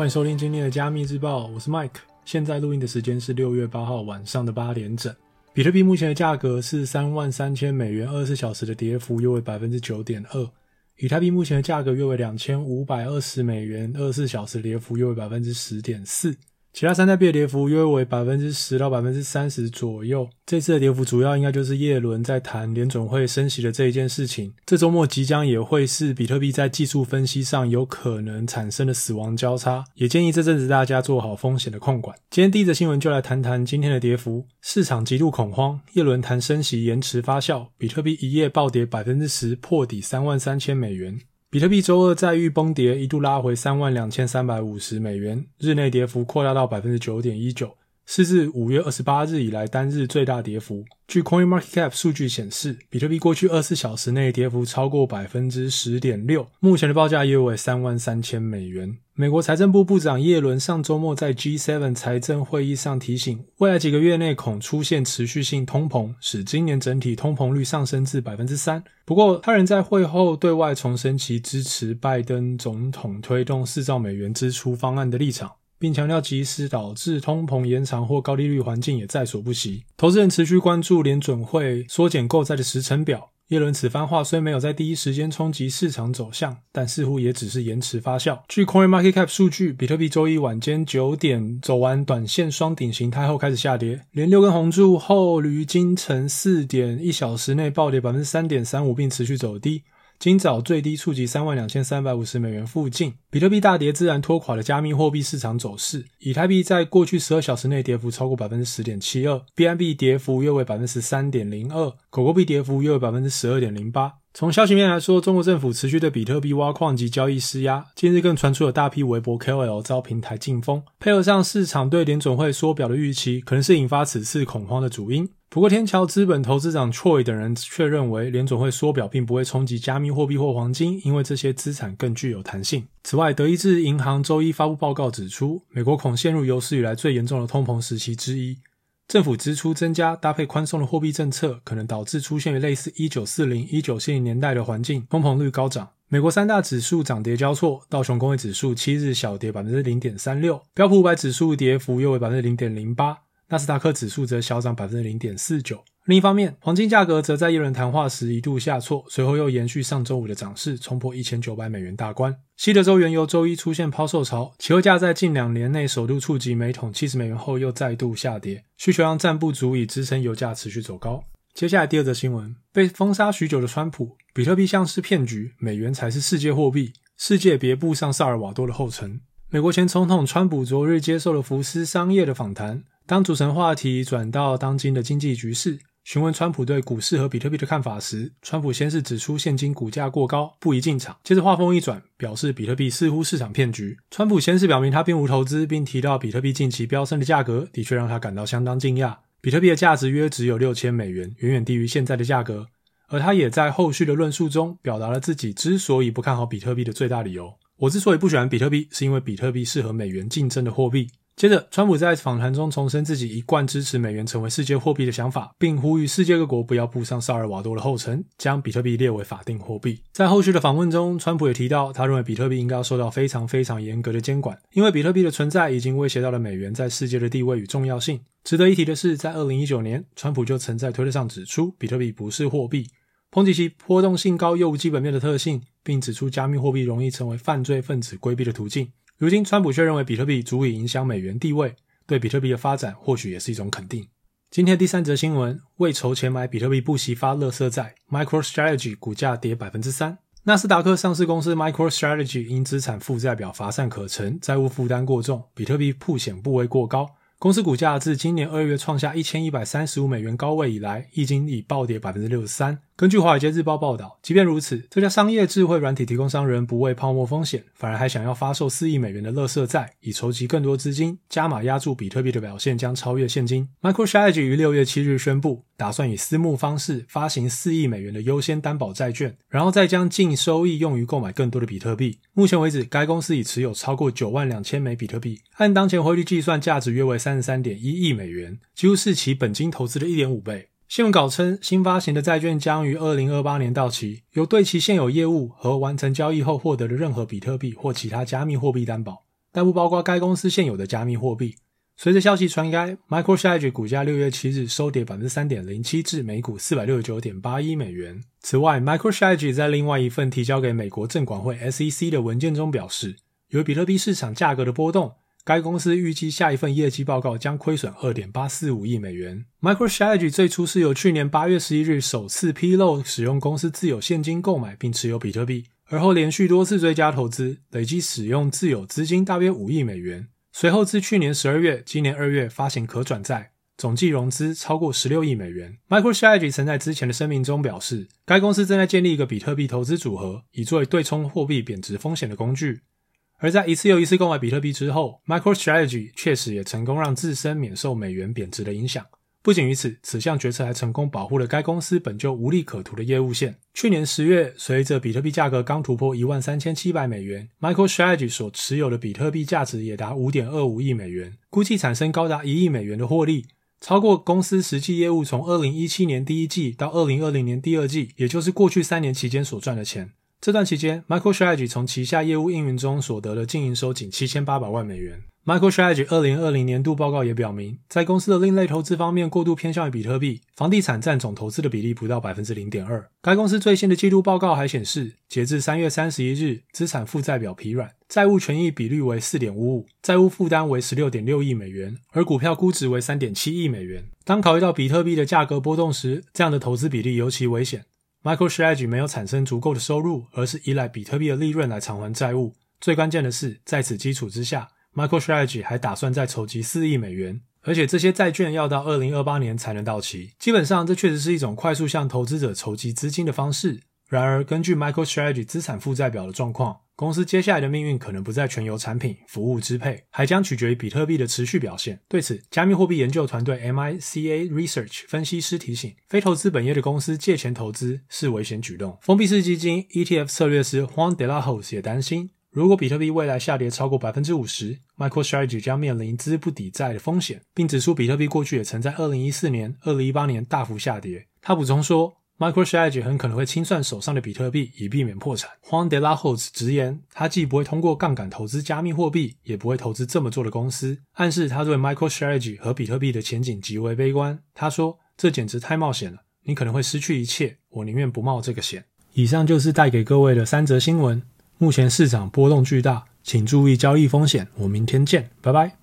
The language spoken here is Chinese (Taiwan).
歡迎收聽今天的加密日報，我是 Mike。現在錄音的時間是六月八號晚上的八點整。比特幣目前的價格是三萬三千美元，二十四小時的跌幅約為百分之九點二。以太幣目前的價格約為兩千五百二十美元，二十四小時的跌幅約為百分之十點四。其他三代幣的跌幅約為百分之十到百分之三十左右。這次的跌幅主要應該就是耶倫在談聯準會升息的這一件事情。這周末即將也會是比特幣在技術分析上有可能產生的死亡交叉，也建議這陣子大家做好風險的控管。今天第一則新聞就來談談今天的跌幅，市場極度恐慌，耶倫談升息延遲發酵，比特幣一夜暴跌百分之十，破底三萬三千美元。比特幣週二再遇崩跌，一度拉回三萬兩千三百五十美元，日內跌幅擴大到百分之九點一九，是自五月二十八日以來單日最大跌幅。據 Coin Market Cap 數據顯示，比特幣過去二十四小時內跌幅超過百分之十點六，目前的報價約為三萬三千美元。美國財政部部長耶倫上周末在 G7 財政會議上提醒，未來幾個月內恐出現持續性通膨，使今年整體通膨率上升至百分之三。不過，他人在會後對外重申其支持拜登總統推動四兆美元支出方案的立場，並強調即使導致通膨延長或高利率環境也在所不惜。投資人持續關注聯準會縮減購債的時程表。耶倫此番話雖沒有在第一時間衝擊市場走向，但似乎也只是延遲發酵。據 CoinMarketCap 數據，比特幣周一晚間九點走完短線雙頂形態後開始下跌，連六根紅柱後，於今晨四點一小時內暴跌百分之三點三五，並持續走低。今早最低觸及三萬兩千三百五十美元附近，比特幣大跌自然拖垮了加密貨幣市場走勢。以太幣在過去十二小時內跌幅超過百分之十點七二，BNB 跌幅約為百分之三點零二，狗狗幣跌幅約為百分之十二點零八。從消息面來說，中國政府持續對比特幣挖礦及交易施壓，近日更傳出了大批微博 KOL 遭平台禁封，配合上市場對聯準會縮表的預期，可能是引發此次恐慌的主因。不過，天橋資本投資長 Choi 等人卻認為，聯準會縮表並不會衝擊加密貨幣或黃金，因為這些資產更具有彈性。此外，德意志銀行週一發布報告指出，美國恐陷入有史以來最嚴重的通膨時期之一。政府支出增加搭配寬鬆的貨幣政策，可能導致出現類似1940-1970年代的環境，通膨率高漲。美國三大指數漲跌交錯，道瓊工業指數七日小跌0.36%，標普五百指數跌幅約為0.08%。納斯達克指數則小漲百分之零點四九。另一方面，黃金價格則在葉倫談話時一度下挫，隨後又延續上周五的漲勢，衝破一千九百美元大關。西德州原油周一出現拋售潮，期貨價在近兩年內首度觸及每桶七十美元後，又再度下跌，需求量暫不足以支撐油價持續走高。接下來第二則新聞：被封殺許久的川普，比特幣像是騙局，美元才是世界貨幣，世界別步上薩爾瓦多的後塵。美國前總統川普昨日接受了福斯商業的訪談。當主持人話題轉到當今的經濟局勢，詢問川普對股市和比特幣的看法時，川普先是指出現今股價過高，不宜進場。接着話鋒一轉，表示比特幣似乎是場騙局。川普先是表明他並無投資，並提到比特幣近期飆升的價格的確讓他感到相當驚訝。比特幣的價值約只有六千美元，遠遠低於現在的價格。而他也在後續的論述中，表達了自己之所以不看好比特幣的最大理由：我之所以不喜歡比特幣，是因為比特幣是和美元競爭的貨幣。接着，川普在訪談中重申自己一貫支持美元成為世界貨幣的想法，並呼籲世界各國不要步上薩爾瓦多的後塵，將比特幣列為法定貨幣。在後續的訪問中，川普也提到，他認為比特幣應該要受到非常非常嚴格的監管，因為比特幣的存在已經威脅到了美元在世界的地位與重要性。值得一提的是，在2019年，川普就曾在推特上指出，比特幣不是貨幣，抨擊其波動性高又無基本面的特性，並指出加密貨幣容易成為犯罪分子規避的途徑。如今，川普卻認為比特幣足以影響美元地位，對比特幣的發展或許也是一種肯定。今天第三則新聞：為籌錢買比特幣，不惜發垃圾債。MicroStrategy 股價跌百分之三。納斯達克上市公司 MicroStrategy 因資產負債表乏善可陳、債務負擔過重、比特幣曝險部位過高，公司股價自今年二月創下一千一百三十五美元高位以來，已經已暴跌百分之六十三。根據《華爾街日報》報道，即便如此，這家商業智慧軟體提供商人不畏泡沫風險，反而還想要發售四億美元的垃圾債，以籌集更多資金，加碼押注比特幣的表現將超越現金。MicroStrategy 於六月七日宣布，打算以私募方式發行四億美元的優先擔保債券，然後再將淨收益用於購買更多的比特幣。目前為止，該公司已持有超過九萬兩千枚比特幣，按當前匯率計算，價值約為三十三點一億美元，幾乎是其本金投資的一點五倍。新聞稿稱，新發行的債券將於二零二八年到期，由對其現有業務和完成交易後獲得的任何比特幣或其他加密貨幣擔保，但不包括該公司現有的加密貨幣。隨着消息傳開，MicroStrategy 股價六月七日收跌百分之三點零七，至每股四百六十九點八一美元。此外，MicroStrategy 在另外一份提交給美國證管會 SEC 的文件中表示，由於比特幣市場價格的波動，該公司預計下一份業績報告將虧損二點八四五億美元。MicroStrategy 最初是由去年八月十一日首次披露使用公司自有現金購買並持有比特幣，而後連續多次追加投資，累計使用自有資金大約五億美元。隨後自去年十二月、今年二月發行可轉債，總計融資超過十六億美元。MicroStrategy 曾在之前的聲明中表示，該公司正在建立一個比特幣投資組合，以作為對沖貨幣貶值風險的工具。而在一次又一次購買比特幣之後，MicroStrategy 確實也成功讓自身免受美元貶值的影響。不僅於此，此項決策還成功保護了該公司本就無利可圖的業務線。去年十月，隨着比特幣價格剛突破一萬三千七百美元，MicroStrategy 所持有的比特幣價值也達五點二五億美元，估計產生高達一億美元的獲利，超過公司實際業務從二零一七年第一季到二零二零年第二季，也就是過去三年期間所賺的錢。這段期間，MicroStrategy 從旗下業務運營中所得的淨營收僅七千八百萬美元。MicroStrategy 二零二零年度報告也表明，在公司的另類投資方面過度偏向於比特幣，房地產佔總投資的比例不到百分之零點二。該公司最新的季度報告還顯示，截至三月三十一日，資產負債表疲軟，債務權益比率為四點五五，債務負擔為十六點六億美元，而股票估值為三點七億美元。當考慮到比特幣的價格波動時，這樣的投資比例尤其危險。MicroStrategy 沒有產生足夠的收入，而是依賴比特幣的利潤來償還債務。最關鍵的是，在此基礎之下，MicroStrategy 還打算再籌集四億美元，而且這些債券要到二零二八年才能到期。基本上，這確實是一種快速向投資者籌集資金的方式。然而，根據 MicroStrategy 資產負債表的狀況，公司接下來的命運可能不再全由產品服務支配，還將取決於比特幣的持續表現。對此，加密貨幣研究團隊 MICA Research 分析師提醒，非投資本業的公司借錢投資是危險舉動。封閉式基金 ETF 策略師 Juan De La Hoz 也擔心，如果比特幣未來下跌超過百分之五十，MicroStrategy 將面臨資不抵債的風險，並指出比特幣過去也曾在二零一四年、二零一八年大幅下跌。他補充說，MicroStrategy 很可能會清算手上的比特幣，以避免破產。Juan De La Hoz 直言，他既不會通過槓桿投資加密貨幣，也不會投資這麼做的公司，暗示他對 MicroStrategy 和比特幣的前景極為悲觀。他說：“這簡直太冒險了，你可能會失去一切。我寧願不冒這個險。”以上就是帶給各位的三則新聞。目前市場波動巨大，請注意交易風險。我明天見，拜拜。